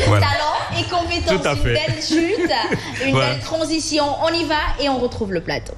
voilà. talent et compétence. Tout à fait. Une belle chute, une voilà. belle transition. On y va et on retrouve le plateau.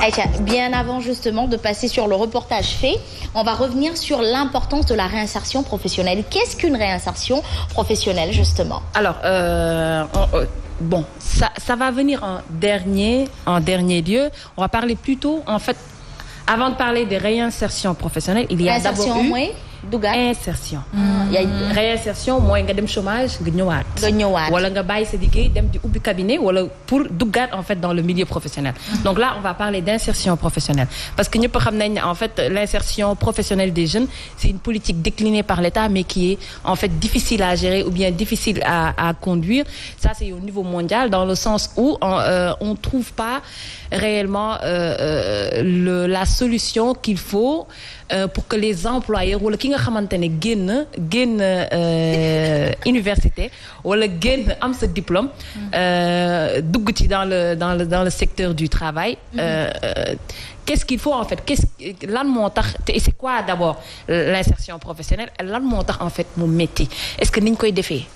Aïcha, eh bien avant justement de passer sur le reportage fait, on va revenir sur l'importance de la réinsertion professionnelle. Qu'est-ce qu'une réinsertion professionnelle justement Alors, euh, on, euh, bon, ça, ça va venir en dernier, en dernier lieu. On va parler plutôt, en fait, avant de parler des réinsertions professionnelles, il y a d'abord eu... Oui. dugaat insertion. yaay mm. réinsertion mooy nga dem chômage nga ñëwaat. nga ñëwaat wala nga bàyyi sa liggéey dem di ubbi cabinet wala pour duggaat en fait dans le milieu professionnel. Mm. donc là on va parler d'insertion professionnelle parce que ñëpp xam nañ ne en fait l'insertion professionnelle des jeunes c'est une politique déclinée par l'État mais qui est en fait difficile à gérer ou bien difficile à à conduire ça c'est au niveau mondial dans le sens où on euh, on trouve pas réellement euh, euh, le la solution qu'il faut. Euh, pour que les employeurs wala ki nga xamante ne génn génn euh, université wala génn am sa diplôme mm. euh, dugg ci dans le dans le dans le secteur du travail mm. qu'est-ce qu'il faut en fait qu'est-ce lan moo tax te c'est quoi d'abord l'insertion professionnelle lan moo tax en fait mu métti est-ce que ni niñ koy defee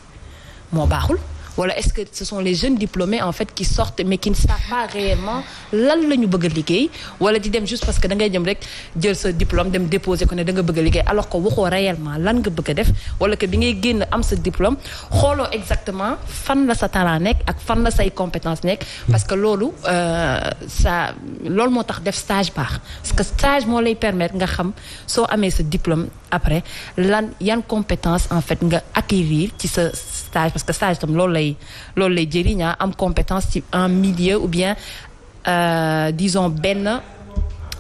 moo baaxul wala est-ce que ce sont les jeunes diplômés en fait qui sortent mais qui ne savent pas réellement lan la ñu bëgg a liggéey wala di dem juste parce que da ngay jëm rek jël sa diplôme dem déposer ko ne danga bëgg a liggéey alors que waxoo réellement lan nga bëgg a def wala que bi ngay génn am sa diplôme xooloo exactement fan la sa talent nekk ak fan la say compétence nekk parce que loolu euh, ça loolu moo tax def stage baax parce que stage moo lay permettre nga xam soo amee sa diplôme après lan yan compétence en fait nga acquérir ci sa stage parce que stage tam loolu lay loolu lay jëriñaa ah, am compétence ci un milieu ou bien euh, disons benn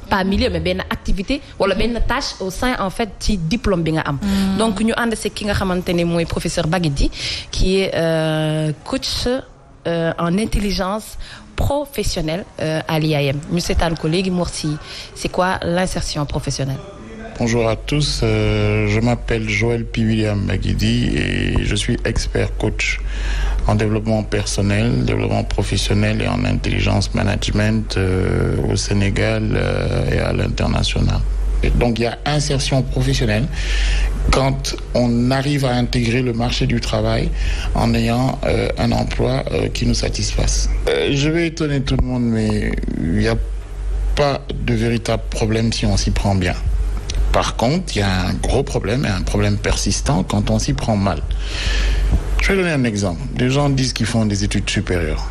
pas milieu mais benn activité wala benn tâche au sein en fait ci diplôme bi nga am hmm. donc ñu ànd se ki nga xamante ne mooy professeur Baguidi qui est euh, coach euh, en intelligence professionnelle euh, à l'IAM ñu seetaan ko léegi Mor si c'est quoi l'insertion professionnelle Bonjour à tous, euh, je m'appelle Joël Piwiliam Maguidi et je suis expert coach en développement personnel, développement professionnel et en intelligence management euh, au Sénégal euh, et à l'international. Donc insertion professionnelle quand on arrive à intégrer le marché du travail en ayant euh, un emploi qui nous satisfasse. je vais étonner tout le monde, mais il n'y a pas de véritable problème si on s'y prend bien. Par contre, il y a un gros problème et un problème persistant quand on s'y prend mal. Je vais donner un exemple. Des gens disent qu'ils font des études supérieures.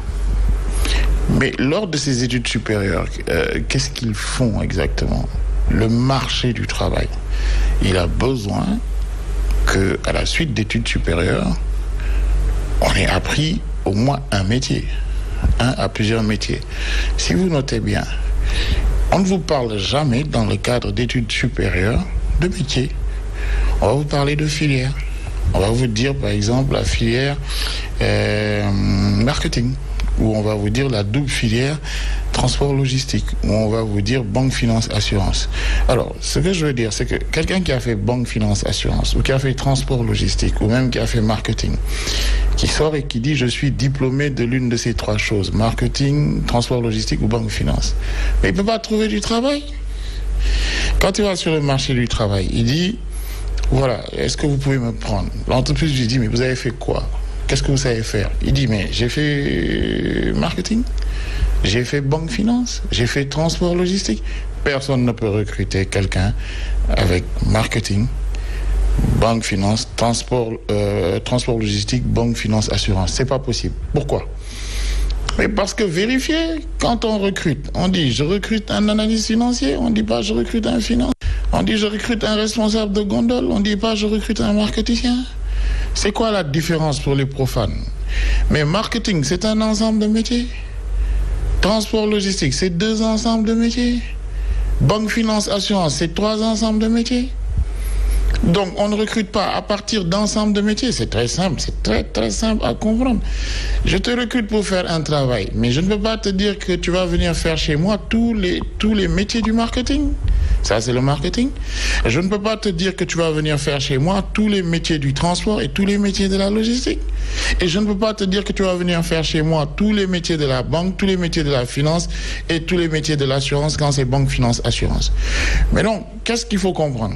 Mais lors de ces études supérieures, euh, qu'est-ce qu'ils font exactement Le marché du travail. Il a besoin que, à la suite d'études supérieures, on ait appris au moins un métier, un à plusieurs métiers. Si vous notez bien, On ne vous parle jamais dans le cadre d'études supérieures de métier. On va vous parler de filière. On va vous dire par exemple la filière euh, marketing, ou on va vous dire la double filière transport logistique, où on va vous dire banque, finance, assurance. Alors, ce que je veux dire, c'est que quelqu'un qui a fait banque, finance, assurance, ou qui a fait transport logistique, ou même qui a fait marketing, qui sort et qui dit je suis diplômé de l'une de ces trois choses, marketing, transport logistique ou banque, finance. Mais il ne peut pas trouver du travail. Quand il va sur le marché du travail, il dit, voilà, est-ce que vous pouvez me prendre L'entreprise lui dit, mais vous avez fait quoi Qu'est-ce que vous savez faire Il dit, mais j'ai fait marketing. J'ai fait banque finance, j'ai fait transport logistique. Personne ne peut recruter quelqu'un avec marketing, banque finance, transport, euh, transport logistique, banque finance, assurance. C'est pas possible. Pourquoi? Mais parce que vérifier, quand on recrute, on dit je recrute un analyste financier, on dit je recrute un On dit responsable de gondole, on dit pas je recrute un marketicien. C'est quoi la différence pour les profanes? Mais marketing, c'est un ensemble de métiers. transport logistique c'est deux ensembles de métiers banque finance assurance c'est trois ensembles de métiers donc on ne recrute pas à partir d'ensemble de métiers c'est très simple c'est très très simple à comprendre je te recrute pour faire un travail mais je ne peux pas te dire que tu vas venir faire chez moi tous les tous les métiers du marketing Ça, c'est le marketing. Je ne peux pas te dire que tu vas venir faire chez moi tous les métiers du transport et tous les métiers de la logistique. Et je ne peux pas te dire que tu vas venir faire chez moi tous les métiers de la banque, tous les métiers de la finance et tous les métiers de l'assurance quand c'est banque, finance, assurance. Mais donc, qu'est-ce qu'il faut comprendre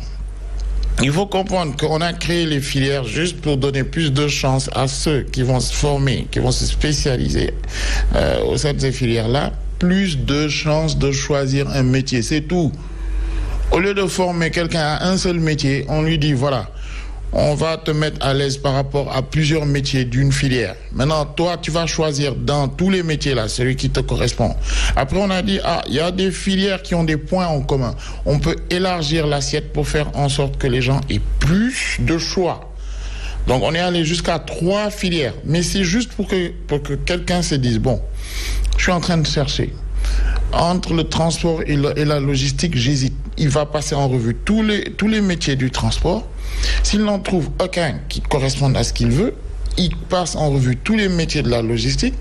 il faut comprendre qu'on a créé les filières juste pour donner plus de chances à ceux qui vont se former, qui vont se spécialiser euh, au sein de ces filières-là, plus de chances de choisir un métier. C'est tout. au lieu de former quelqu'un à un seul métier, on lui dit voilà, on va te mettre à l'aise par rapport à plusieurs métiers d'une filière. Maintenant, toi, tu vas choisir dans tous les métiers là, celui qui te correspond. Après, on a dit, ah, il y a des filières qui ont des points en commun. On peut élargir l'assiette pour faire en sorte que les gens aient plus de choix. Donc, on est allé jusqu'à trois filières. Mais c'est juste pour que, pour que quelqu'un se dise, bon, je suis en train de chercher. Entre le transport et, le, et la logistique, j'hésite il va passer en revue tous les, tous les métiers du transport. S'il n'en trouve aucun qui corresponde à ce qu'il veut, il passe en revue tous les métiers de la logistique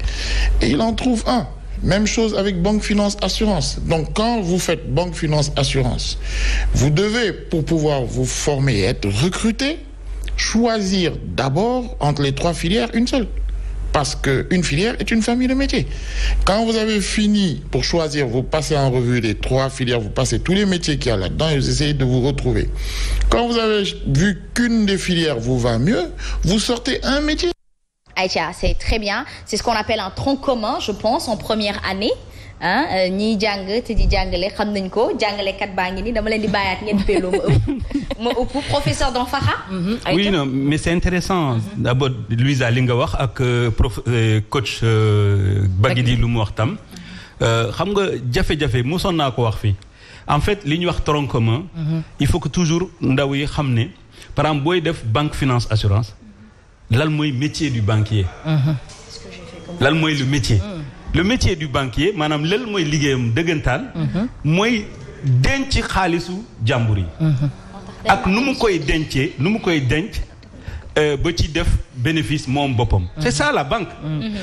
et il en trouve un. Même chose avec banque, finance, assurance. Donc quand vous faites banque, finance, assurance, vous devez, pour pouvoir vous former et être recruté, choisir d'abord entre les trois filières une seule. parce qu'une filière est une famille de métiers. Quand vous avez fini pour choisir, vous passez en revue les trois filières, vous passez tous les métiers qu'il a là et vous essayez de vous retrouver. Quand vous avez vu qu'une des filières vous va mieux, vous sortez un métier. c'est très bien. C'est ce qu'on appelle un tronc commun, je pense, en première année. ah euh, ñiy jàng te di jàngale xam nañ ko jàngalekat baa ngi ni dama leen di bàyyaat ngeen pelloo ma ëpp ma ëpp professeur Don Faxa mhm. oui non mais c'est intéressant mhm. d'abord Louisa li nga wax ak euh, prof euh, coach di lu mu wax tam xam nga jafe-jafe mosoon naa ko wax fii en fait li ñuy wax tronc commun mhm. il faut que toujours ndaw yi xam ne par exemple booy def banque finance assurance lan mooy métier du banquier lan mooy le métier le métier du banquier maanaam lël mooy liggéeyam dëggantaan. Mhm. mooy denc xaalisu jàmbur yi. Mhm. ak nu mu koy dencee nu mu koy denc euh, ba ci def bénéfice moom boppam. Mhm. c'est ça banque.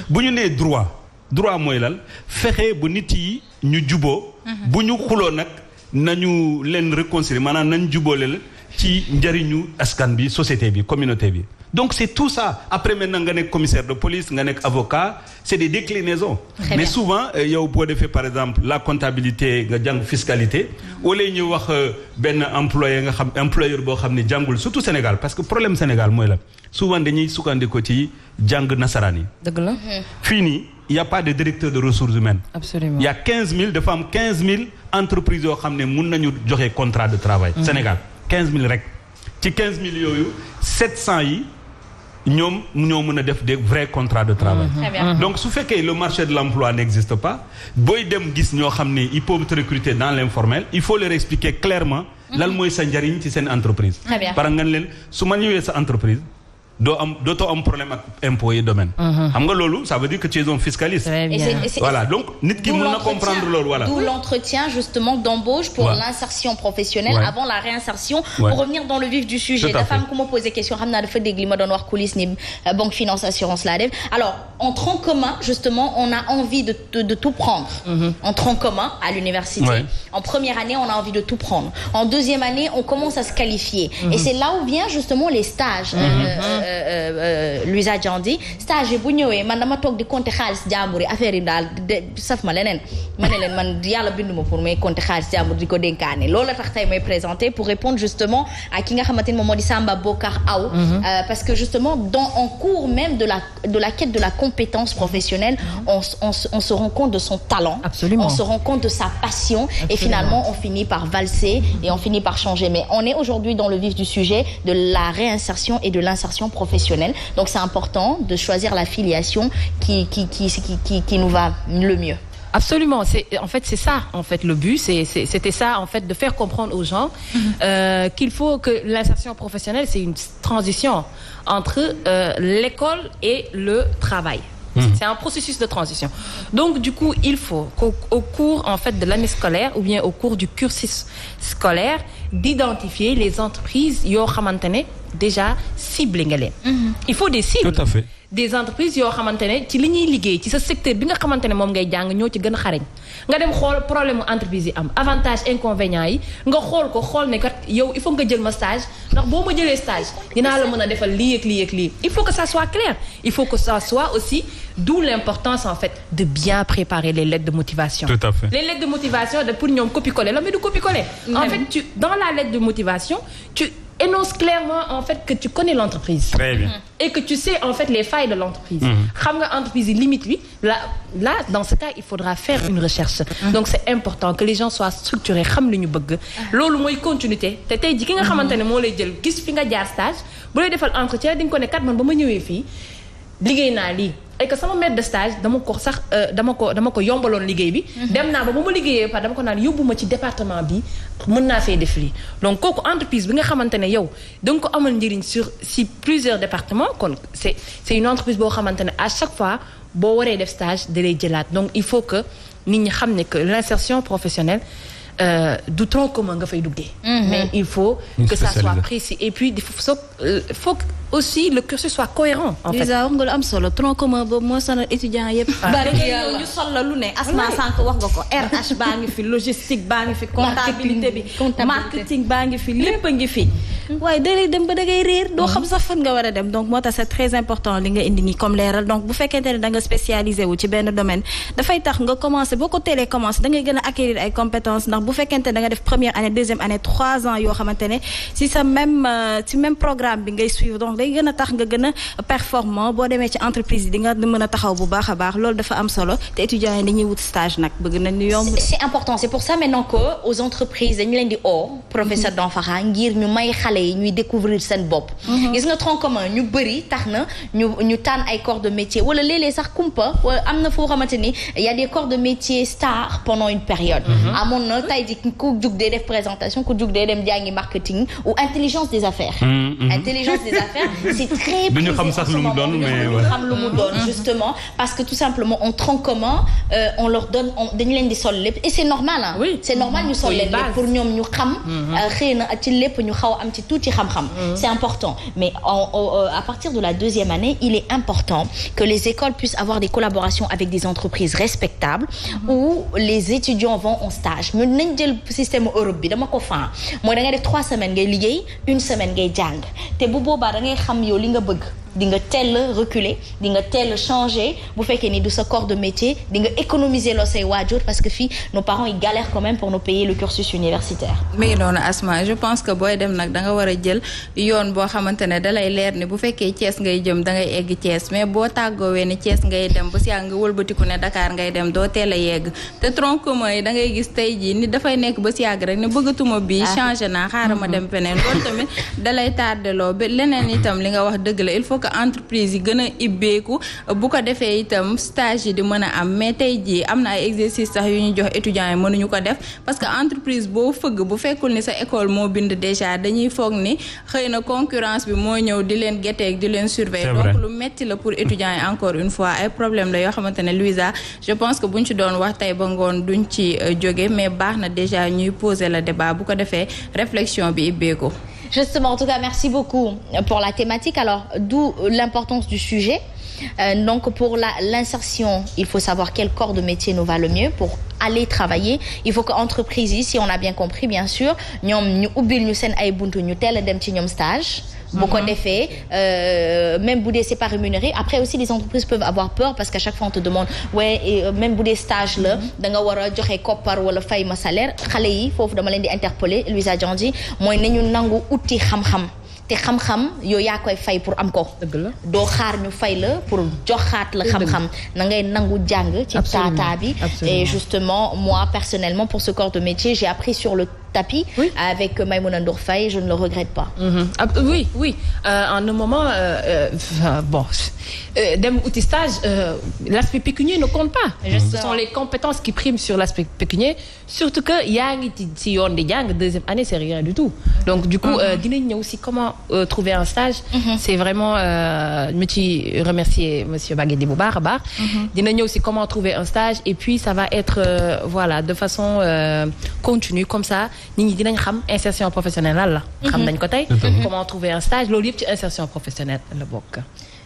bu ñu nee droit droit mooy lal fexe bu nit yi ñu juboo bu ñu xuloo nag nañu leen réconcilier maanaam nañ jubóole la ci njëriñu askan bi société bi communauté bi. donc c'est tout ça après maintenant nga nekk commissaire de police nga nekk avocat c'est des déclinaisons Très mais souvent euh, yow boo defee par exemple la comptabilité nga jàng fiscalité wala ñu wax euh, benn employé nga xam employeur boo xam ne jàngul surtout Sénégal parce que problème Sénégal mooy la souvent dañuy sukkandiku ci jàng nasaraan yi mm-hmm. fii nii il y directeur de ressources humaines absolument il mille dafa am quinze mille entreprises yoo xam ne mun nañu joxe contrat de travail mm-hmm. Sénégal quinze mille rek ci quinze mille yooyu sept cent yi ñoom ñoo mën a def des vrai contrats de travail. Mm-hmm. donc su fekkee le marché de l'emploi n'existe pas booy dem gis ñoo xam ne ils peuvent recruter dans l'informel il faut leur expliquer clairement mm-hmm. lan mooy sa njariñ ci seen entreprise. par nga leen su ma ñëwee sa entreprise. doo am dootoo am problème ak impôts et domaines. Mhm. loolu ça veut dire que tu es un donc nit ki mën na justement d'embauche pour l'insertion professionnelle avant la réinsertion. pour revenir dans le vif du sujet. dafa am ku ma posé question xam naa dafa dégg li ma doon wax coulisse ni euh, banque finance assurance laa def alors en commun justement on a envie de tout prendre. mm en commun à l'université. en première a Euh, euh, Luisa Diandi stage bu ñëwee man dama di compter xaalis jàmbur yi affaire yi daal de saf ma leneen ma ne leen man yàlla bindu ma pour may compter xaalis jàmbur di ko dénkaane la tax tey pour répondre justement à ki nga xamante Bokar Aw mhm. euh, parce que justement en cours même de la de la quête de la compétence professionnelle mhm. on se rend compte de son talent on se rend compte de sa passion et finalement on finit par valser et on finit par changer mais professionnelle. Donc c'est important de choisir la filiation qui, qui, qui, nous va le mieux. Absolument, c'est en en fait le but, c'est c'était de faire comprendre aux gens mhm. euh, qu'il faut que l'insertion professionnelle c'est une transition entre euh, l'école et le travail. Mhm. C'est un processus de transition. Donc, du coup, il faut au cours, de l'année scolaire ou bien au cours du cursus scolaire, d'identifier les entreprises, yo déjà ciblé nga leen. Mhm. il faut des cibles. tout des entreprises yoo xamante ne ci li ñuy liggéey ci sa secteur bi nga xamante ne moom ngay jàng ñoo ci gën a xarañ nga dem xool problème mu entreprise yi am avantage inconvénient yi nga xool ko xool ne kat yow il faut nga jël ma stage ndax boo ma jëlee stage dinaa la mën a defal lii ak lii ak lii il faut que ça soit clair il faut que ça soit aussi d'où l'importance en fait de bien préparer les lettres de motivation. tout motivation de pour ñoom copier coller la mais motivation énonce clairement en fait que tu connais l'entreprise et que tu sais en fait les failles de l'entreprise mhm. xam nga entreprise yi limite bi là là dans ce cas il faudra faire une recherche mhm. donc c'est important que les gens soient structurés xam li ñu bëgg ah. loolu mooy continuité te tey ji ki nga mhm. xamante ne moo lay jël gis fi nga jaar stage bu lay defal entretien di nga ko ne kat man ba ma ñëwee fii liggéey naa lii et que sama maître de stage dama ko sax euh, dama ko dama ko yombaloon liggéey bi. Mhm. dem naa ba ba ma liggéeyee par dama ko naan yóbbu ma ci département bi mën naa fee def lii. donc kooku entreprise bi nga xamante ne yow danga nga ko amal njëriñ sur si plusieurs départements kon c'est c'est une entreprise boo xamante ne à chaque fois boo waree def stage da lay jëlaat donc il faut que nit ñi xam ne que l'insertion professionnelle. Euh, du tronc commun nga fay duggee. Mhm. mais il faut. que ça soit aussi le cursus soit cohérent en fait. wax nga moo sonal étudiant yëpp. Ah. bari wax nga ko RH baa fi logistique baa ngi fi. comptabilité bi marketing baa ngi fi lépp ngi fi. Mm-hmm. waaye da ngay dem ba da ngay mm-hmm. nga war a dem donc moo tax c'est très important li nga indi nii comme leeral donc bu fekkente ne da nga spécialisé wu ci benn domaine dafay nga commencé boo ko teelee commencé da ngay gën a acquérir ay compétences ndax bu fekkente ne da nga def première année deuxième année trois ans yoo xamante ne si sa même euh, même programme bi ngay suivre donc day gën a tax nga gën a performant boo demee ci entreprise yi di nga mën a taxaw bu baax a baax loolu dafa am solo te étudiants yi dañuy wut stage nag bëgg na ñu yomb. c'est important c'est pour ça maintenant que aux entreprises dañu leen di oo yi ñuy découvrir seen bopp. Mhm. gis nga tronc commun ñu bëri tax na ñu ñu tànn ay corps de métier wala léeg-léeg sax kumpa am na foo xamante ni y a des corps de métier stars pendant une période. Mhm. amoon na tey jii ku jug dee def présentation ku jug dee dem jàngi marketing ou intelligence des affaires. Mhm, c'est très précis en ce moment duñu xam lu mu doon mm. justement parce que tout simplement on tronc commun euh, on leur donne dañu leen di sol lépp et c'est normal ah c'est normal ñu sol leen lépp pour ñoom ñu xam mm-hmm. euh, xëy na ci lépp ñu xaw am ci tuuti xam-xam mm-hmm. c'est important mais euh, à partir de la deuxième année il est important que les écoles puissent avoir des collaborations avec des entreprises respectables mm-hmm. où les étudiants vont en stage mais nañ jël système Europe bi dama ko fan mooy da ngay def trois semaines ngay liggéey une semaine ngay jàng te bu boobaa da ngay xam yow li nga bëgg di nga a reculer di nga changer bu fekkee ni du sa corps de métier di nga économiser loo say waajur parce que fii nos parents yi galèrent quand même pour nous payer le cursus universitaire. mais noonu Asma je pense que booy dem nag da nga war a jël yoon boo xamante ne da lay leer ni bu fekkee Thiès ngay jëm da ngay egg Thiès mais boo tàggoowee ne cees ngay dem ba si nga wëlbatiku ne Dakar ngay dem doo teel a yegg te tronc commun yi da ngay gis tey jii ni dafay nekk ba si yàgg rek ne bëggatuma bii ah. changé naa xaaral ma mm-hmm. dem feneen loolu tamit da lay que entreprise yi gën a ibbeeku bu ko defee itam stage yi di mën a am mais tey jii am na ay exercice sax yu ñu jox étudiants yi mënuñu ko def parce que entreprise boo fëgg bu fekkul ni sa école moo bind déjà dañuy foog ni xëy na concurrence bi moo ñëw di leen getteeg di leen surveiller donc lu metti la pour étudiants yi encore une fois ay problème la yoo xamante ne Louisa je pense que buñ ci doon wax tey ba ngoon duñ ci euh, jóge mais baax na déjà ñuy poser la débat bu ko defee réflexion bi ibbeeku Justement, en tout cas, merci beaucoup pour la thématique. Alors, d'où l'importance du sujet. Euh, donc, pour l'insertion, il faut savoir quel corps de métier nous va le mieux pour aller travailler. Il faut que entreprise yi si on a bien compris, bien sûr ñoom ñu ubbil ñu seen ay buntu ñu teel a dem ci ñoom stage. bu ko defee même bu dee c'est pas rémunéré après aussi les entreprises peuvent avoir peur parce qu'à chaque fois on te demande ouais euh, même bu dee stage la mm-hmm. danga nga war a joxe koppar wala fay ma salaire xale yi foofu dama leen di interpeller Louisa Diandi mooy nañu nangu uti xam-xam te xam-xam yow yaa koy fay pour am ko doo xaar ñu fay la pour joxaat la xam-xam na ngay nangu jàng ci taataa bi et justement moi personnellement pour ce corps de métier j'ai appris sur le tapis oui. avec Maïmouna Ndour Faye je ne le regrette pas mm -hmm. ah, oui oui euh, en un moment euh, euh, bon euh, dem outil stage euh, l'aspect pécunier ne compte pas mm -hmm. ce sont les compétences qui priment sur l'aspect pécunier surtout que yaa ngi ci yoon di jàng deuxième année c'est rien du tout donc du coup mhm. euh, dinañ ñëw aussi comment trouver un stage mhm. c'est vraiment mu ci remercier monsieur Baguedi bu baax a baax mhm. dina ñëw aussi comment trouver un stage et puis ça va être voilà de façon continue comme ça nit ñi dinañ xam insertion professionnelle lan la. Mhm. xam nañ ko tey. Mhm. comment trouver un stage loolu yëpp ci insertion professionnelle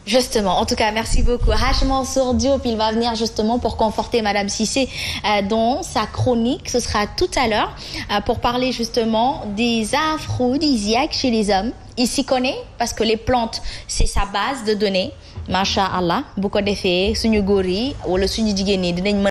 Justement, en tout cas, merci beaucoup. Haj Mansour Diop, il va venir justement pour conforter Madame Cissé euh, dans sa chronique. Ce sera tout à l'heure euh, pour parler justement des aphrodisiaques chez les hommes. Il connaît parce que les plantes, c'est sa base de données. Macha Allah bu ko defee suñu góor yi wala suñu jigéen